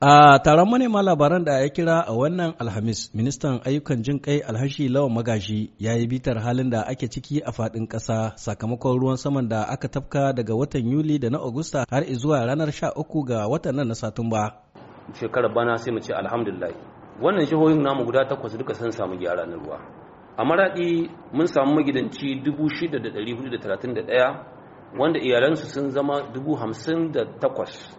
A taron manema labaran da ya kira a wannan Alhamis, ministan ayyukan jin kai alhashi lawan magashi ya yi bitar halin da ake ciki a faɗin ƙasa sakamakon ruwan saman da aka tafka daga watan Yuli da na Agusta har zuwa ranar 13 ga watan nan na Satumba. Shekarar bana sai mu ce alhamdulillah. Wannan jihohin namu guda takwas duka sun samu gyara na ruwa. A maraɗi mun samu magidanci 6,431 wanda iyalansu sun zama 58,000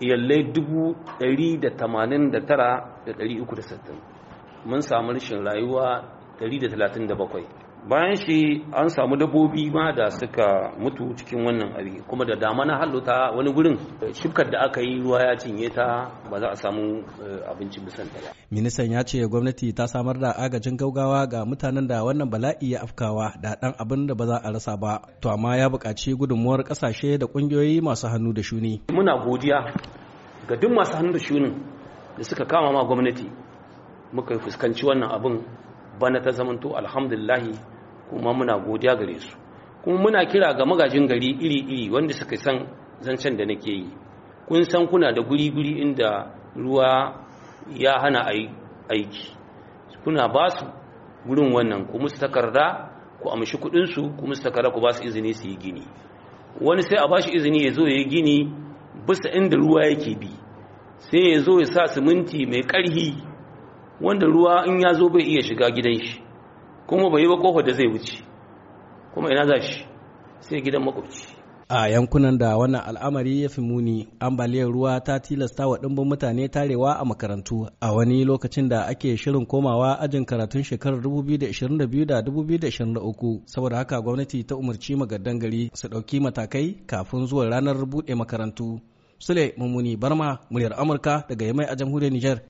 iyalai 189,360 mun samu rashin rayuwa 137 bayan shi an samu dabbobi ma da suka mutu cikin wannan abin, kuma da dama na halluta wani gurin shifkar da aka yi ruwa ya cinye ta ba za a samu eh, abinci bisan ta ministan ya ce gwamnati ta samar da agajin gaugawa ga mutanen da wannan bala'i ya afkawa da dan abin da ba za a rasa ba to amma ya buƙaci gudunmuwar kasashe da kungiyoyi masu hannu da shuni muna godiya ga duk masu hannu da shunin da suka kama ma gwamnati muka fuskanci wannan abin bana ta zamanto alhamdulillahi kuma muna godiya gare su kuma muna kira ga magajin gari iri-iri wanda suka san zancen da nake yi kun san kuna da guri-guri inda ruwa ya hana aiki kuna ba su gurin wannan ku su takarda ku amshi kudinsu ku su takarda ku ba su izini su yi gini wani sai a ba shi izini ya zo ya yi gini bisa inda ruwa yake bi sai ya zo ya sa siminti mai ƙarhi wanda ruwa in ya zo bai iya shiga gidan shi kuma bai yi ba kofar da zai wuce kuma ina za shi sai gidan makwabci a yankunan da wannan al'amari ya fi muni ambaliyar ruwa ta tilasta wa ɗimbin mutane tarewa a makarantu a wani lokacin da ake shirin komawa ajin karatun shekarar 2022 2023 saboda haka gwamnati ta umarci magaddan gari su ɗauki matakai kafin zuwa ranar buɗe makarantu sule mummuni barma muryar amurka daga yamai a jamhuriyar niger